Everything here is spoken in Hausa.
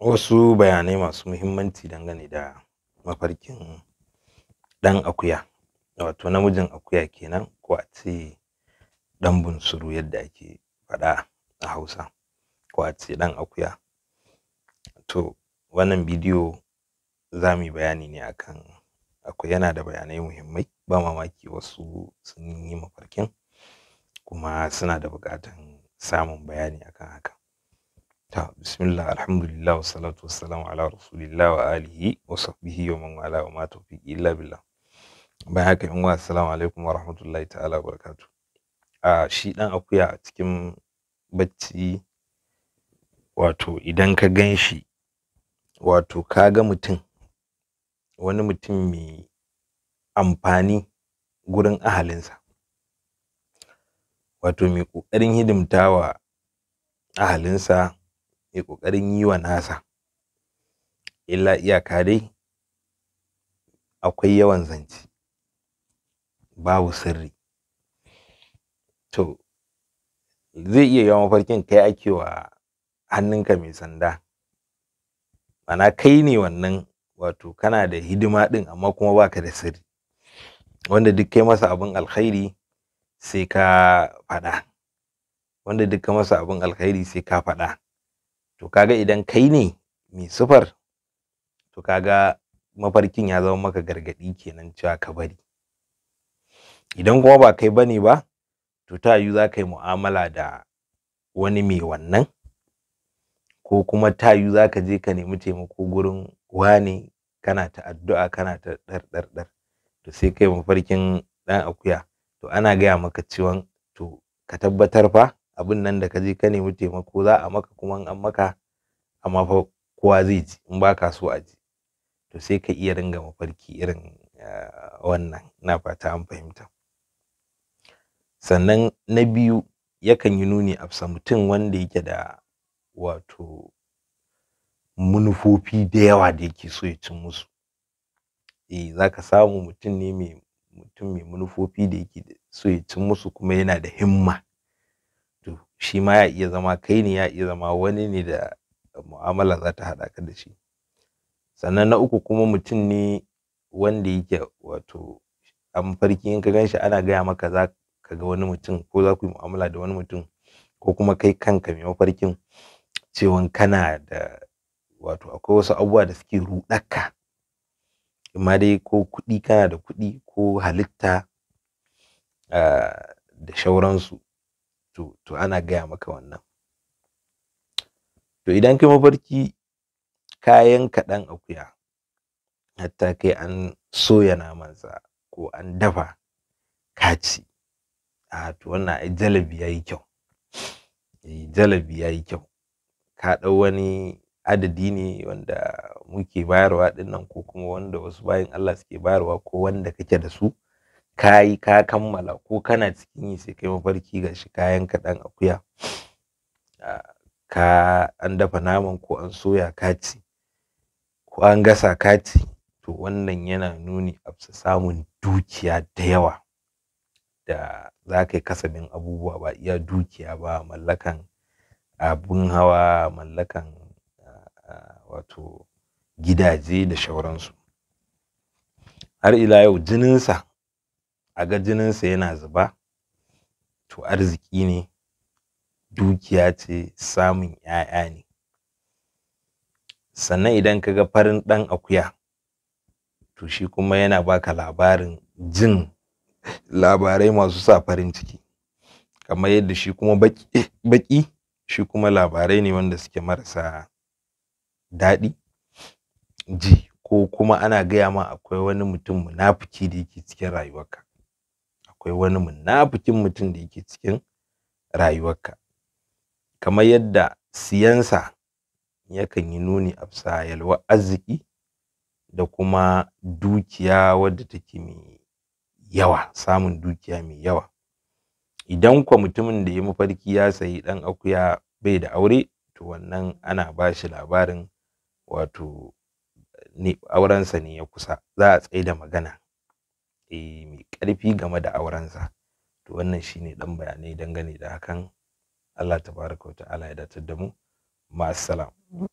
wasu bayanai masu muhimmanci dangane da mafarkin ɗan akuya wato namijin akuya kenan ko a ce ɗan bunsuru yadda ake faɗa a hausa ko a ce ɗan akuya to wannan bidiyo za mu yi bayani ne akan akwai yana da bayanai muhimmai ba mamaki wasu sun yi mafarkin kuma suna da buƙatan samun bayani akan haka ta bismillah alhamdulillah wa salatu salamu ala rasulillah wa alihi wa sahbihi wa man wala wa ma tawfiq illa billah bayan haka in wa assalamu alaikum wa rahmatullahi ta'ala wa barakatuh a shi dan akuya a cikin bacci wato idan ka gan shi wato ka ga mutum wani mutum mai amfani gurin ahalinsa wato mai ƙoƙarin hidimta wa ahalinsa ya ƙoƙarin yi wa nasa illa iyaka dai akwai yawan zance babu sirri to zai iya yawan farkin kai ake wa hannunka mai sanda mana kai ne wannan wato kana da hidima ɗin amma kuma baka da sirri wanda duk kai masa abin alkhairi sai ka faɗa wanda duk kai masa abin alkhairi sai ka faɗa to kaga idan kai ne mai sufar to kaga mafarkin ya zama maka gargadi kenan cewa ka bari idan kuma ba kai bane ba to ta yu za ka yi mu'amala da wani mai wannan ko kuma ta yu za ka je ka nemi taimako gurin wane kana ta addu'a kana ta dar dar dar, to sai kai mafarkin ɗan akuya to ana gaya maka ciwon to ka tabbatar fa abin nan da ka je ka nemi taimako za a maka kuma an maka amma fa kowa zai ji in ba ka so a ji to sai ka iya ringa mafarki irin eh, wannan na fata an fahimta sannan na biyu yakan yi nuni a mutum wanda yake da wato munufofi da yawa da yake so ya cin musu eh za ka samu mutum ne mai mutum mai manufofi da yake so ya cin musu kuma yana da himma to shi ma ya iya zama kai ne ya iya zama wani ne da mu'amala za ta haɗa ka da shi sannan na uku kuma mutum ne wanda yake wato an farki in ka ganshi ana gaya maka za ka ga wani mutum ko za ku yi mu'amala da wani mutum ko kuma kai kanka mai mafarkin cewan kana da wato akwai wasu abubuwa da suke ruɗaka amma dai ko kuɗi kana da kuɗi ko halitta ah, da shauransu to to ana gaya maka wannan to idan kai mafarki kayan kaɗan akuya hatta kai an soya namansa ko an dafa kaci. a to wannan ai jalabi yayi kyau eh, jalabi yayi kyau ka ɗau wani adadi ne wanda muke bayarwa ɗinnan ko kuma wanda wasu bayan Allah suke bayarwa ko wanda kake da su Kayi ka kammala ko kana cikin yi sai kai mafarki ga shi kayan kaɗan akuya ah, ka an dafa naman ko an soya ka ko an gasa ka to wannan yana nuni a samun dukiya da yawa da za ka yi kasabin abubuwa ba iya dukiya ba mallakan abun hawa mallakan ah, wato gidaje da shauransu har ila yau jininsa a ga jininsa yana zuba to arziki ne dukiya ce samun ‘ya'ya ne sannan idan ka ga farin ɗan akuya to shi kuma yana baka labarin jin labarai masu sa farin ciki kamar yadda shi kuma baki, shi kuma labarai ne wanda suke marasa daɗi ji ko kuma ana gaya ma akwai wani mutum munafiki da yake cikin rayuwarka akwai wani munafikin mutum da yake cikin rayuwarka kamar yadda siyansa yakan yi nuni a wa arziki da kuma dukiya wadda take mai yawa samun dukiya mai yawa idan kwa mutumin da ya mafarki ya sayi dan akuya bai da aure to wannan ana ba shi labarin wato aurensa ne ya kusa za a tsaida magana tsaye eh, mai ƙarfi game da aurensa to wannan shine dan bayanai dangane da hakan Allah tabaraka wa ta'ala ya datar da mu ma'assalam